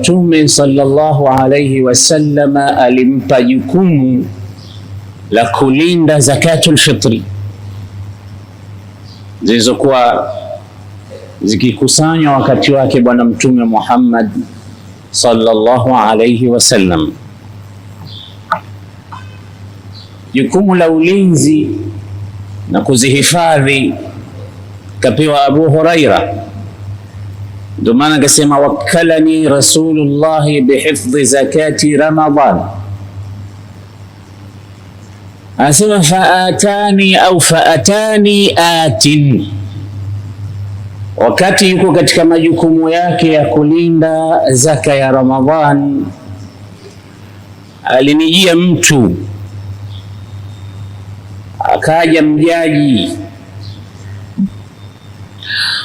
Mtume sallallahu alayhi wasallama alimpa jukumu la kulinda zakatul fitri zilizokuwa zikikusanywa wakati wake Bwana Mtume Muhammad sallallahu alayhi wasallam. Jukumu la ulinzi na kuzihifadhi kapewa Abu Huraira ndio maana akasema wakalani Rasulullahi bihifdhi zakati ramadan anasema faatani au faatani atin, wakati yuko katika majukumu yake ya kulinda zaka ya Ramadhan, alinijia mtu akaja mjaji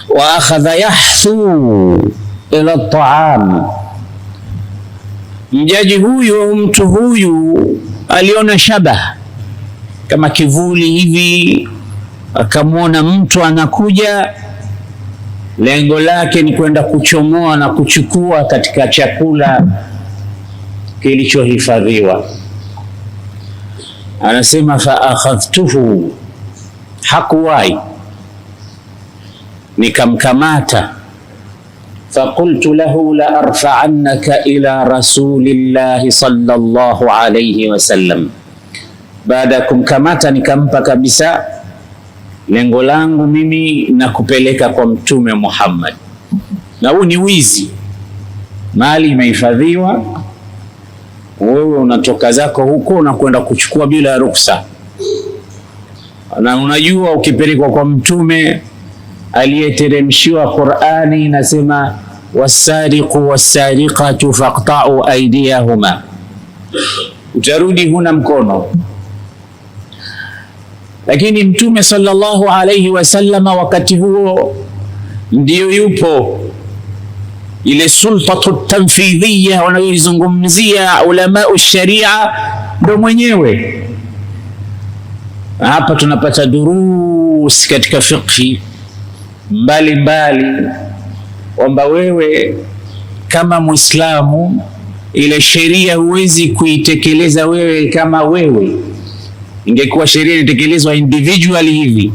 wa akhadha yahthu ila taam. Mjaji huyu mtu huyu aliona shabah kama kivuli hivi, akamwona mtu anakuja, lengo lake ni kwenda kuchomoa na kuchukua katika chakula kilichohifadhiwa. Anasema fa akhadhtuhu, hakuwai nikamkamata fakultu lahu la arfaannaka ila rasulillahi sallallahu alayhi wasallam. Baada ya kumkamata nikampa kabisa, lengo langu mimi na kupeleka kwa Mtume Muhammad. Na huu ni wizi, mali imehifadhiwa, wewe unatoka zako huko unakwenda kuchukua bila ruksa, na unajua ukipelekwa kwa Mtume aliyeteremshiwa Qur'ani inasema, wasariqu wasariqatu faqta'u aydiyahuma, utarudi huna mkono. Lakini Mtume sallallahu alayhi wasallama wakati huo ndiyo yupo ile sultatu tanfidhiya wanayoizungumzia ulamau sharia, ndo mwenyewe hapa tunapata durus katika fiqhi mbalimbali, kwamba wewe kama Mwislamu ile sheria huwezi kuitekeleza wewe kama wewe. Ingekuwa sheria inatekelezwa individually hivi,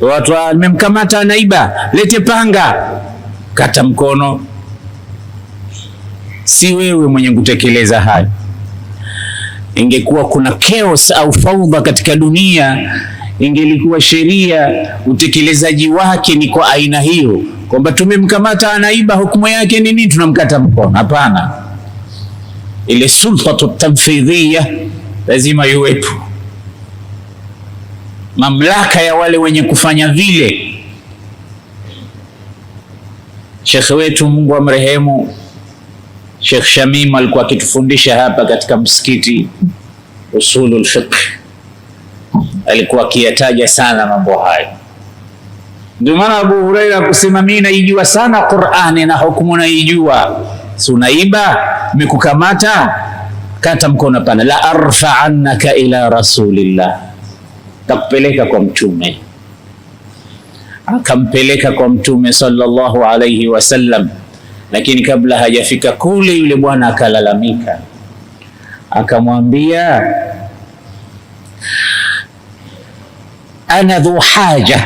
watu wamemkamata naiba lete panga, kata mkono. Si wewe mwenye kutekeleza hayo. Ingekuwa kuna chaos au fauba katika dunia ingelikuwa sheria utekelezaji wake ni kwa aina hiyo, kwamba tumemkamata anaiba, hukumu yake ni nini? Tunamkata mkono? Hapana, ile sultatu tanfidhiya lazima iwepo, mamlaka ya wale wenye kufanya vile. Shekhe wetu Mungu amrehemu, Shekh Shamim alikuwa akitufundisha hapa katika msikiti usulul fiqh alikuwa akiyataja sana mambo hayo. Ndio maana Abu Huraira kusema mimi naijua sana Qur'ani na hukumu naijua, si unaiba, mikukamata kata mkono pana, la arfa annaka ila rasulillah, takupeleka kwa mtume. Akampeleka kwa mtume sallallahu alayhi wasallam, lakini kabla hajafika kule, yule bwana akalalamika, akamwambia ana dhu haja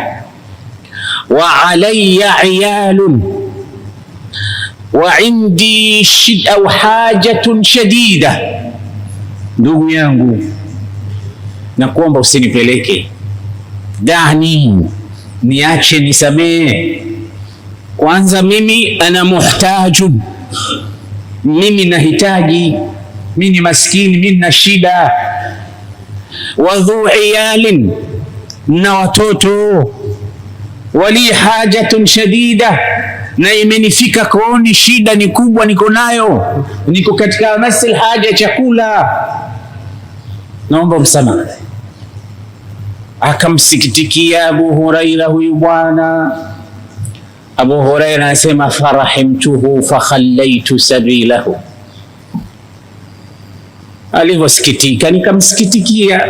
wa alayya iyalun wa indi shida au shadida. Ndugu yangu, nakuomba usinipeleke dani, niache nisamehe kwanza. Mimi ana muhtajun, mimi nahitaji, mimi ni maskini, mimi na shida. wa dhu iyalin na watoto wali hajatun shadida, na imenifika kooni, shida ni kubwa, niko nayo, niko katika masil haja chakula, naomba msamaha. Akamsikitikia Abu Huraira huyu bwana. Abu Huraira anasema farahimtuhu fakhallaitu sabilahu, alivyosikitika nikamsikitikia,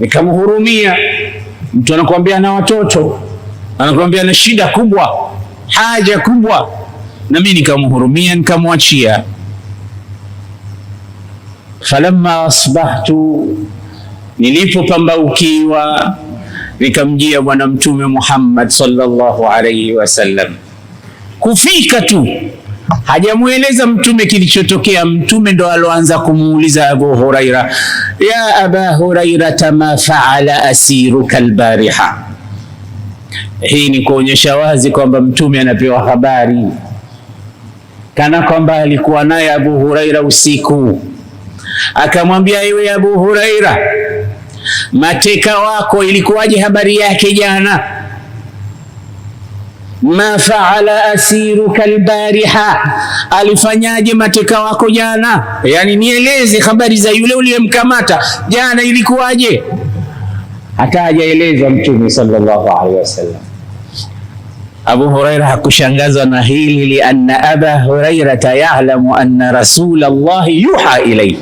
nikamhurumia Mtu anakuambia na watoto, anakuambia na shida kubwa, haja kubwa, na mimi nikamhurumia, nikamwachia. Falamma asbahtu, nilipopambaukiwa nikamjia Bwana Mtume Muhammad sallallahu alayhi wasallam, kufika tu Hajamweleza mtume kilichotokea. Mtume ndo aloanza kumuuliza Abu Huraira, ya aba Hurairata, ma faala asiruka albariha. Hii ni kuonyesha wazi kwamba mtume anapewa habari kana kwamba alikuwa naye Abu Huraira usiku, akamwambia iwe Abu Huraira, mateka wako ilikuwaje habari yake jana? ma faala asiruka albariha, alifanyaje mateka wako jana? Yani nieleze habari za yule uliyemkamata jana, ilikuwaje? Hata hajaelezwa Mtume sallallahu alaihi wasallam. Abu Huraira hakushangazwa na hili, lianna aba hurairata ya'lamu anna rasula llahi yuha ilayhi,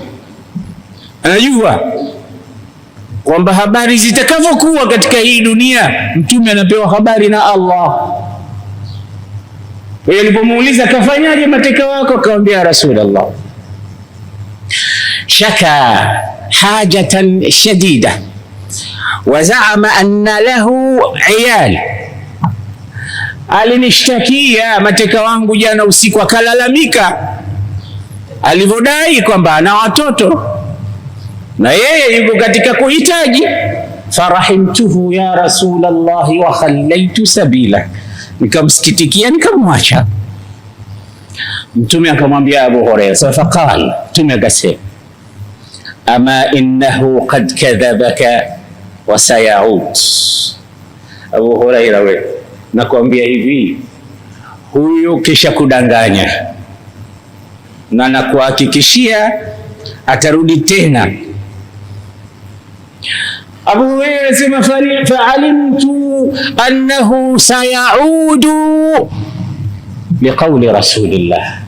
anajua kwamba habari zitakavyokuwa katika hii dunia, mtume anapewa habari na Allah yeye alipomuuliza kafanyaje mateka wako, akamwambia Rasulullah, shaka hajatan shadida wazaama zaama anna lahu iyal, alinishtakia mateka wangu jana usiku, akalalamika alivyodai kwamba ana watoto na yeye yuko katika kuhitaji. Farahimtuhu ya Rasulullah wa khallaitu sabila nikamsikitikia nikamwacha. Mtume akamwambia Abu Huraira, faqal, Mtume akasema ama innahu qad kadhabaka wa sayaud. Abu Huraira, we nakwambia hivi, huyu kisha kudanganya na nakuhakikishia atarudi tena. Abu Huraira anasema faalimtu annahu sayaudu liqauli rasulillah,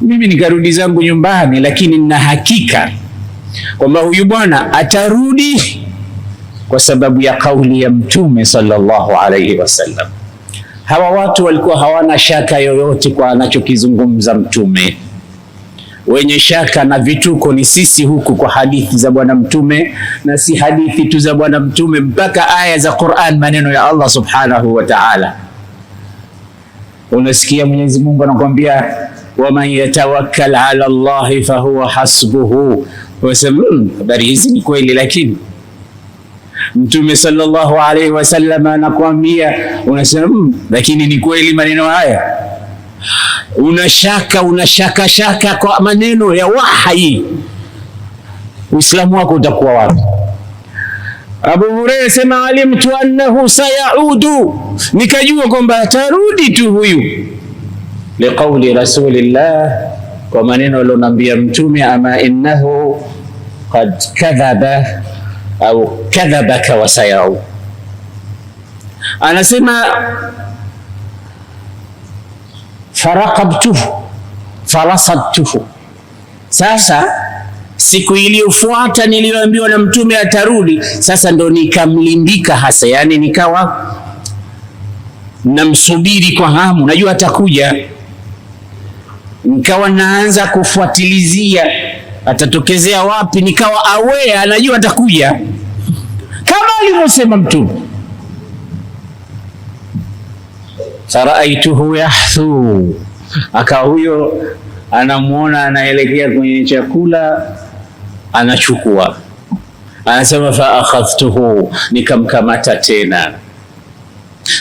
mimi nikarudi zangu nyumbani, lakini nina hakika kwamba huyu bwana atarudi kwa sababu ya kauli ya Mtume sallallahu alaihi wasallam. Hawa watu walikuwa hawana shaka yoyote kwa anachokizungumza Mtume wenye shaka na vituko ni sisi huku kwa hadithi za Bwana Mtume, na si hadithi tu za Bwana Mtume, mpaka aya za Qur'an, maneno ya Allah subhanahu wa ta'ala. Unasikia Mwenyezi Mungu anakuambia, waman yatawakkal ala Allahi fahuwa hasbuhu. Wasema hmm, habari hizi ni kweli, lakini Mtume sallallahu alaihi wasallam anakuambia, unasema hmm, lakini ni kweli maneno haya unashaka unashakashaka kwa maneno ya wahyi, Uislamu wako utakuwa wapi? Abu Hurairah sema alimtu annahu sayaudu, nikajua kwamba atarudi tu huyu. Liqauli rasulillah, kwa maneno alionambia Mtume, ama innahu qad kadhaba au kadhabaka wa sayau, anasema faraqabtuhu farasabtuhu. Sasa siku iliyofuata niliyoambiwa na mtume atarudi, sasa ndo nikamlimbika hasa, yani nikawa namsubiri kwa hamu, najua atakuja, nikawa naanza kufuatilizia atatokezea wapi, nikawa aware, anajua atakuja kama alivyosema mtume Saraituhu yahthu, akawa huyo anamwona anaelekea kwenye chakula anachukua. Anasema fa akhadhtuhu, nikamkamata tena.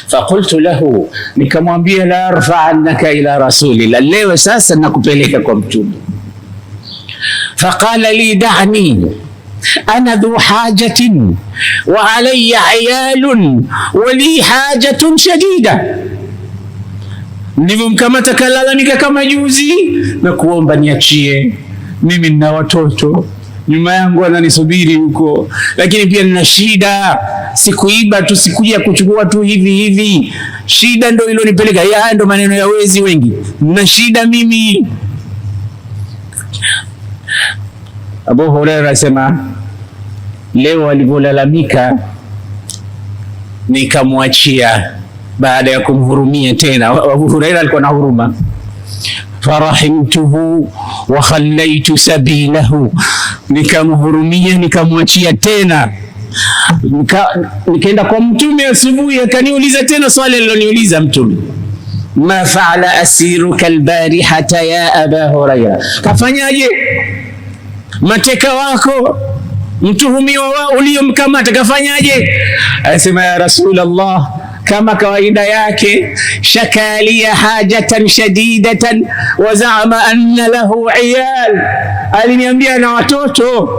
Faqultu lahu, nikamwambia la arfaannaka ila rasulillah, leo sasa nakupeleka kwa Mtume. Faqala li da'ni ana dhu hajatin wa alayya ayalun wa li hajatun shadida Nilivyomkamata kalalamika kama juzi na kuomba niachie, mimi nina watoto nyuma yangu ananisubiri huko, lakini pia nina shida. Sikuiba tu, sikuja kuchukua tu hivi hivi. Shida ndo ilonipeleka. Haya ndo maneno ya wezi wengi, nina shida mimi. Abu Huraira asema leo alivyolalamika nikamwachia baada ya kumhurumia tena. Abu Huraira alikuwa na huruma farahimtuhu wa khallaitu sabilahu, nikamhurumia nikamwachia tena. Nika, nikaenda kwa mtume asubuhi, akaniuliza tena swali aliloniuliza mtume, ma faala asiruka albarihata ya aba Huraira, kafanyaje mateka wako mtuhumiwa uliyomkamata kafanyaje? Asema ya Rasulullah kama kawaida yake, shakalia hajatan shadidatan wa zaama anna lahu iyal, aliniambia na watoto,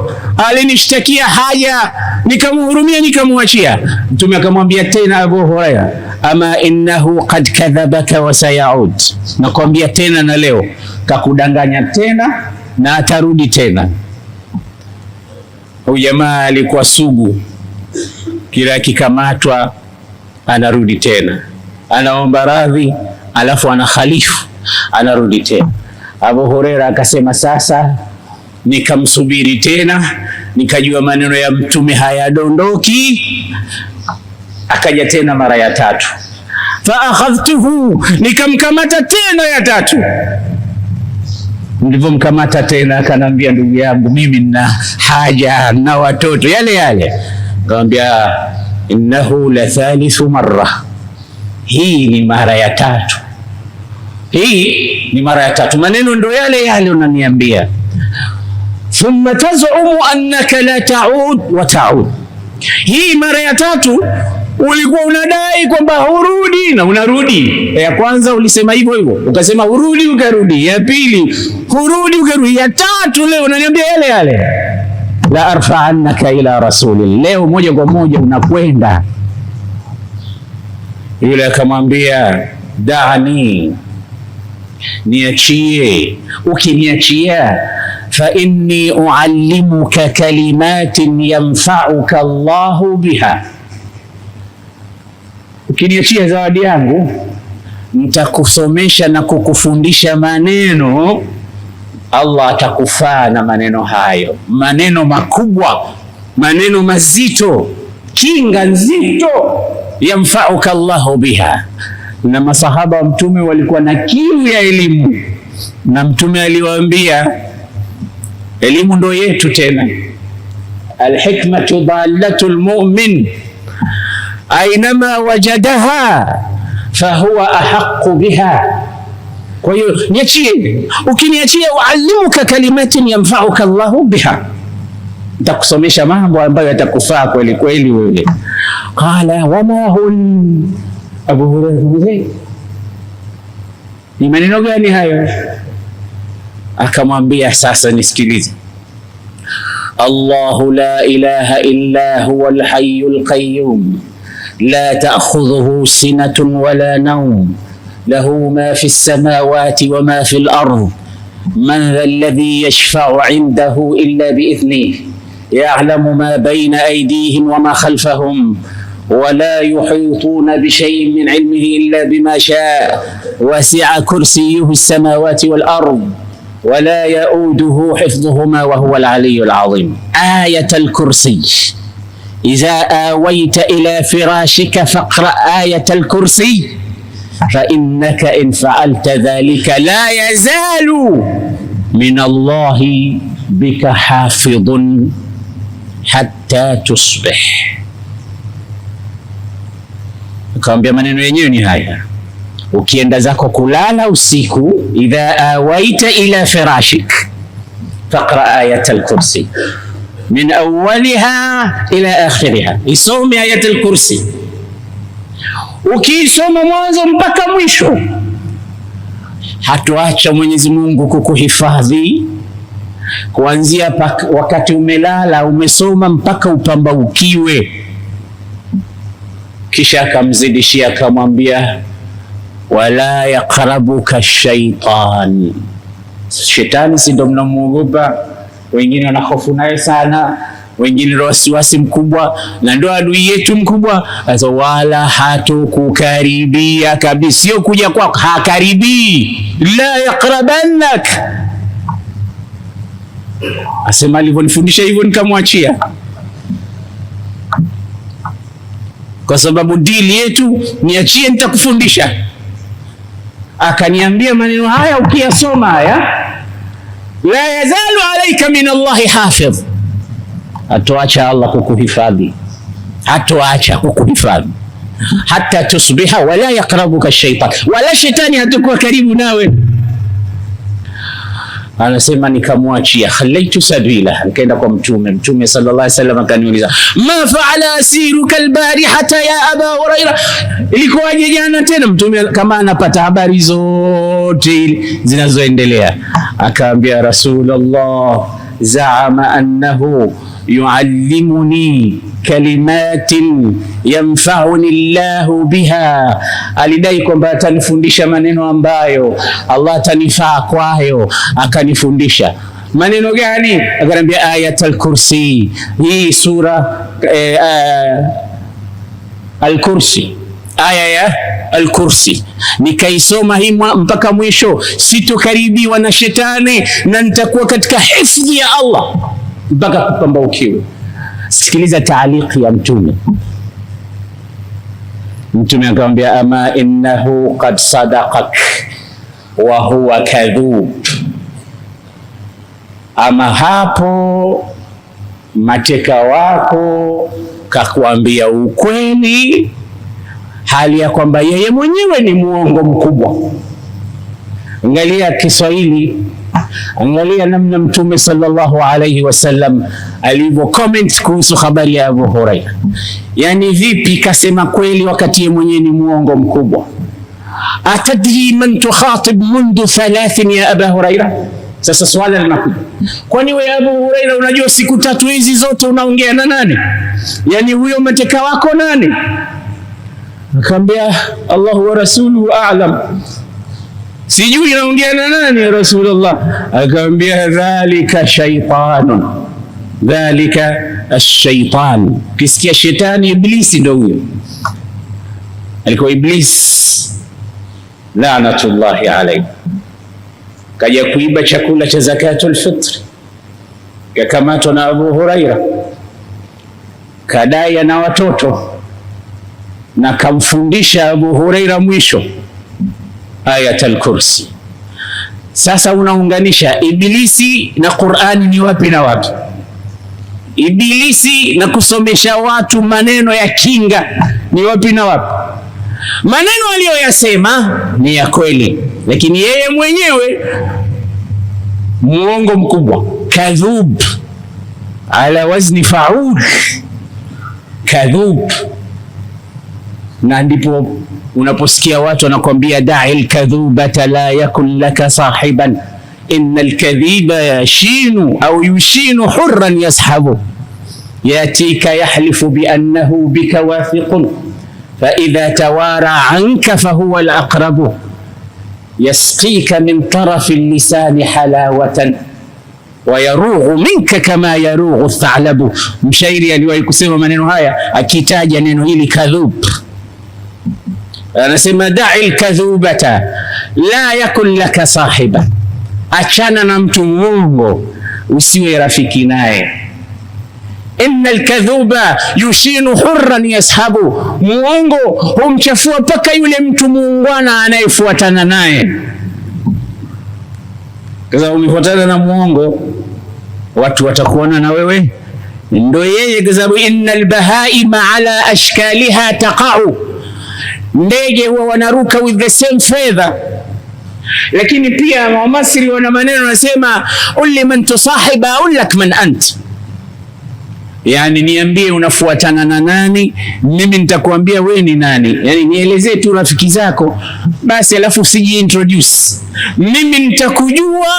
alinishtakia haja, nikamhurumia, nikamwachia. Mtume akamwambia tena Abu Huraira, ama innahu qad kadhabaka wa sayaud, nakwambia tena na leo kakudanganya tena na atarudi tena. Huyu jamaa alikuwa sugu, kila akikamatwa anarudi tena, anaomba radhi, alafu anahalifu, anarudi tena. Abu Huraira akasema, sasa nikamsubiri tena, nikajua maneno ya mtume hayadondoki. Akaja tena mara ya tatu, fa akhadhtuhu, nikamkamata tena ya tatu. Nilivyomkamata tena, akanambia ndugu yangu, mimi nina haja na watoto. Yale yale, akamwambia innahu la thalithu marra, hii ni mara ya tatu. Hii ni mara ya tatu, maneno ndo yale yale unaniambia. Thumma tazumu annaka la taud wa taud, hii mara ya tatu ulikuwa unadai kwamba hurudi na unarudi. Ya kwanza ulisema hivyo hivyo, ukasema hurudi ukarudi. Ya pili hurudi ukarudi. Ya tatu leo unaniambia yale yale la arfaannaka ila rasuli, leo moja kwa moja unakwenda. Yule akamwambia dani, niachie, ukiniachia fa inni uallimuka kalimatin yanfauka Allahu biha, ukiniachia zawadi yangu nitakusomesha na kukufundisha maneno Allah atakufaa na maneno hayo, maneno makubwa, maneno mazito, kinga nzito. Yamfauka Allahu biha. Na masahaba wa Mtume walikuwa na kiu ya elimu, na Mtume aliwaambia elimu ndo yetu. Tena alhikmatu dalatu lmumin ainama wajadaha fahuwa ahaqu biha Kwa hiyo niachie, ukiniachia, uallimuka kalimatin yanfauka Allahu biha, nitakusomesha mambo ambayo yatakufaa kweli kweli wewe. Qala wama hun, Abu Hurairah, mzee, ni maneno gani hayo? Akamwambia, sasa nisikilize Allahu la ilaha illa huwa lhayu qayyum la ta'khudhuhu sinatun wala naum له ما في السماوات وما في الارض من ذا الذي يشفع عنده الا باذنه يعلم ما بين ايديهم وما خلفهم ولا يحيطون بشيء من علمه الا بما شاء وسع كرسيه السماوات والارض ولا يؤوده حفظهما وهو العلي العظيم ايه الكرسي اذا اويت الى فراشك فاقرا ايه الكرسي فإنك إن فعلت ذلك لا يزال من الله بك حافظ hatta tusbih. Nikamwambia maneno yenyewe ni haya: ukienda zako kulala usiku, idha awaita ila firashik faqra ayat alkursi min awaliha ila akhiriha, isome ayat alkursi ukiisoma mwanzo mpaka mwisho, hatuacha Mwenyezi Mungu kukuhifadhi kuanzia wakati umelala umesoma mpaka upambaukiwe. Kisha akamzidishia akamwambia, wala yaqrabuka shaitan, shetani si ndo mnamwogopa wengine, wanahofu naye sana wengine na wasiwasi mkubwa, na ndio adui yetu mkubwa. Sasa wala hatokukaribia kabisa, sio kuja kwako, hakaribii. La yaqrabannak, asema alivyonifundisha hivyo nikamwachia, kwa sababu dili yetu niachie, nitakufundisha. Akaniambia maneno haya, ukiyasoma haya, la yazalu alaika min Allahi hafidh atoacha Allah kukuhifadhi, atoacha kukuhifadhi hata tusbiha wala yakrabuka shaitan, wala shetani hatakuwa karibu nawe. Anasema nikamwachia, khalaitu sabila, nikaenda kwa Mtume. Mtume sallallahu alaihi wasallam akaniuliza, ma faala asiruka albarihata ya aba Huraira, ilikuwaje jana tena? Mtume kama anapata habari zote zinazoendelea, akaambia Rasulullah زعم أنه يعلمني كلمات yamfauni llahu biha, alidai kwamba atanifundisha maneno ambayo Allah atanifaa kwayo. Akanifundisha maneno gani? Akaniambia ayat al-kursi, hii sura eh, eh, al-kursi aya ya Alkursi nikaisoma hii mpaka mwisho, sitokaribiwa na shetani na nitakuwa katika hifadhi ya Allah mpaka kupambaukiwe. Sikiliza taaliki ya Mtume. Mtume akamwambia, ama innahu qad sadaqak wa huwa kadhub. Ama hapo mateka wako kakuambia ukweli hali ya kwamba yeye mwenyewe ni muongo mkubwa. Angalia Kiswahili, angalia namna Mtume sallallahu alayhi wasallam alivyo comment kuhusu habari ya Abu Huraira. Yani vipi kasema kweli wakati yeye mwenyewe ni muongo mkubwa? Atadri man tukhatib mundu thalathin ya Abu Huraira. Sasa swala linakuja, kwani wewe Abu Huraira unajua siku tatu hizi zote unaongea na nani? Yani huyo mateka wako nani? Nakambia Allah wa rasuluhu a'lam, sijui naongea na nani Rasulullah. Akamwambia dhalika shaitanun, dhalika ashaitan. Kisikia shetani, iblisi ndio huyo, alikuwa iblis laanatullahi alayhi. Kaja kuiba chakula cha zakatul fitri, kakamatwa na Abu Huraira, kadai ana watoto na kamfundisha Abu Huraira mwisho Ayatul Kursi. Sasa unaunganisha Ibilisi na Qur'ani ni wapi na wapi? Ibilisi na kusomesha watu maneno ya kinga ni wapi na wapi? Maneno aliyoyasema ni ya kweli, lakini yeye mwenyewe muongo mkubwa, kadhub ala wazni faul, kadhub na ndipo unaposikia watu wanakwambia dai lkadhubata la yakun laka sahiban inna lkadhiba yashinu au yushinu hurran yashabu yatika yahlifu biannahu bika wathiqun faidha tawara anka fahuwa alaqrabu yasqika min tarafi lisani halawatan wayarughu minka kama yarughu thalabu. Mshairi aliwahi kusema maneno haya akitaja neno hili kadhub أنا سيما دع الكذوبة لا يكن لك صاحبة نمت نمتوه وسوي في ناي إن الكذوب يشين حرا يسحب مونغو هم شفوا بكا يلم تمونغوانا أنا يفوتنا ناي kaza umifuatana na mwongo watu watakuona na wewe ndo yeye kwa sababu Ndege huwa wanaruka with the same feather, lakini pia Wamasri wana maneno wanasema, uli man tusahiba aulak man ant, yani niambie unafuatana na nani, mimi nitakuambia we ni nani. Yani nielezee tu rafiki zako basi, alafu usiji introduce mimi, nitakujua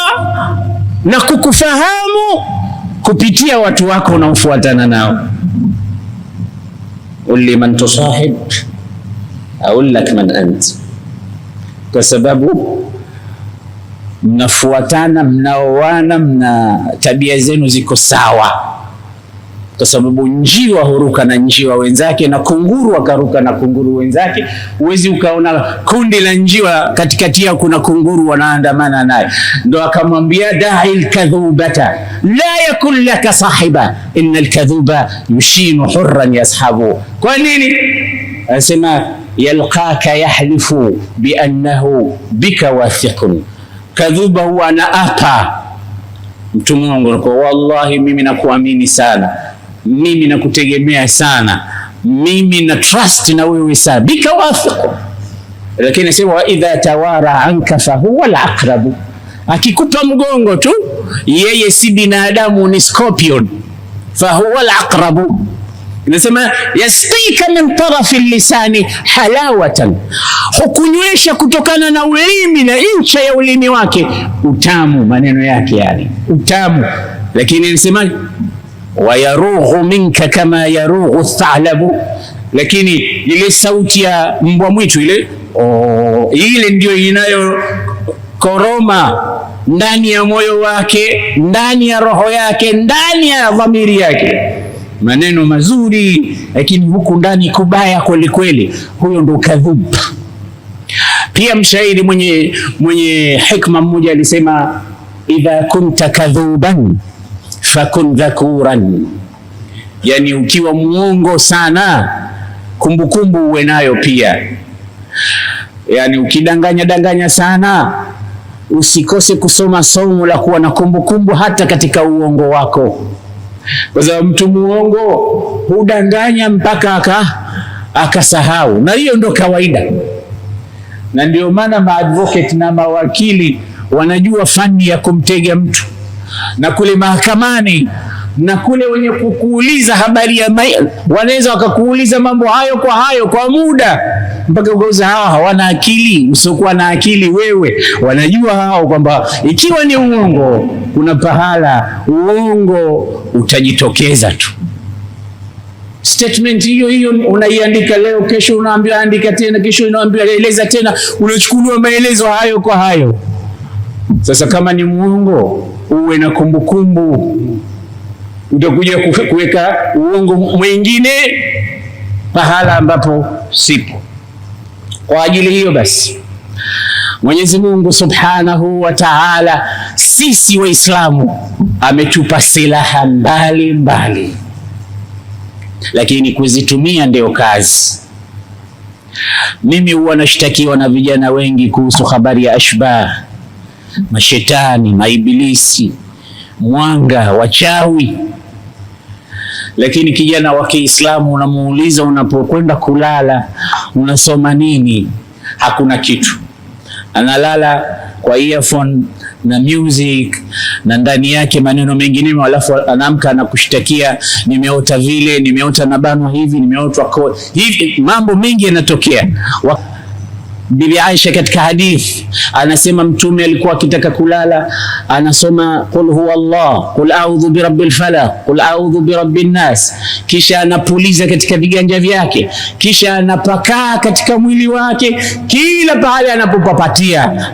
na kukufahamu kupitia watu wako unaofuatana nao, uli man tusahib aul lak man ant, kwa sababu mnafuatana, mnaoana, mna tabia zenu ziko sawa, kwa sababu njiwa huruka na njiwa wenzake na kunguru akaruka na kunguru wenzake. Huwezi ukaona kundi la njiwa katikati yao kuna kunguru wanaandamana naye. Ndo akamwambia dai lkadhubata la yakun laka sahiba inna lkadhuba yushinu hurran yashabu. Kwa nini anasema yalqaka yahlifu biannahu bika wathiqun, kadhuba huwa apa Mtume wangu kwa wallahi, mimi nakuamini sana, mimi nakutegemea sana, mimi na trust na wewe sana, bika wathiqun. Lakini sema wa idha tawara anka fahuwa laqrabu akikupa mgongo tu yeye si binadamu, ni scorpion. Fahuwa alaqrabu Inasema yasqika min tarafi lisani halawatan, hukunywesha kutokana na ulimi na ncha ya ulimi wake utamu, maneno yake yani utamu. Lakini inasema wayarughu minka kama yarughu thalabu, lakini ile sauti ya mbwa mwitu ile oh, ile ndio inayokoroma ndani ya moyo wake, ndani ya roho yake, ndani ya dhamiri yake maneno mazuri, lakini huku ndani kubaya kweli kweli, huyo ndo kadhubu. Pia mshairi mwenye, mwenye hikma mmoja alisema idha kunta kadhuban fakun dhakuran, yani ukiwa muongo sana kumbukumbu uwe nayo pia, yani ukidanganya danganya sana usikose kusoma somo la kuwa na kumbukumbu hata katika uongo wako kwa sababu mtu muongo hudanganya mpaka aka akasahau, na hiyo ndo kawaida, na ndio maana maadvocate na mawakili wanajua fani ya kumtega mtu na kule mahakamani na kule wenye kukuuliza habari ya wanaweza wakakuuliza mambo hayo kwa hayo kwa muda mpaka ukauza. Hawa hawana akili, usiokuwa na akili wewe. Wanajua hao kwamba ikiwa ni uongo, kuna pahala uongo utajitokeza tu. Statement hiyo hiyo unaiandika leo, kesho unaambiwa andika tena, kesho unaambiwa eleza tena, unachukuliwa maelezo hayo kwa hayo. Sasa kama ni muongo, uwe na kumbukumbu utakuja kuweka uongo mwingine pahala ambapo sipo. Kwa ajili hiyo basi, Mwenyezi Mungu Subhanahu wa Ta'ala, sisi Waislamu ametupa silaha mbali mbali, lakini kuzitumia ndio kazi. Mimi huwa nashtakiwa na vijana wengi kuhusu habari ya ashbah, mashetani, maibilisi, mwanga, wachawi lakini kijana wa Kiislamu unamuuliza, unapokwenda kulala unasoma nini? Hakuna kitu, analala kwa earphone na music na ndani yake maneno mengine, alafu anaamka na kushtakia, nimeota vile, nimeota banwa hivi, nimeotwa hivi. Mambo mengi yanatokea. Bibi Aisha katika hadithi anasema mtume alikuwa akitaka kulala anasoma qul huwa Allah, qul a'udhu bi rabbil falaq, qul a'udhu bi rabbin nas, kisha anapuliza katika viganja vyake, kisha anapakaa katika mwili wake kila pahali anapopapatia.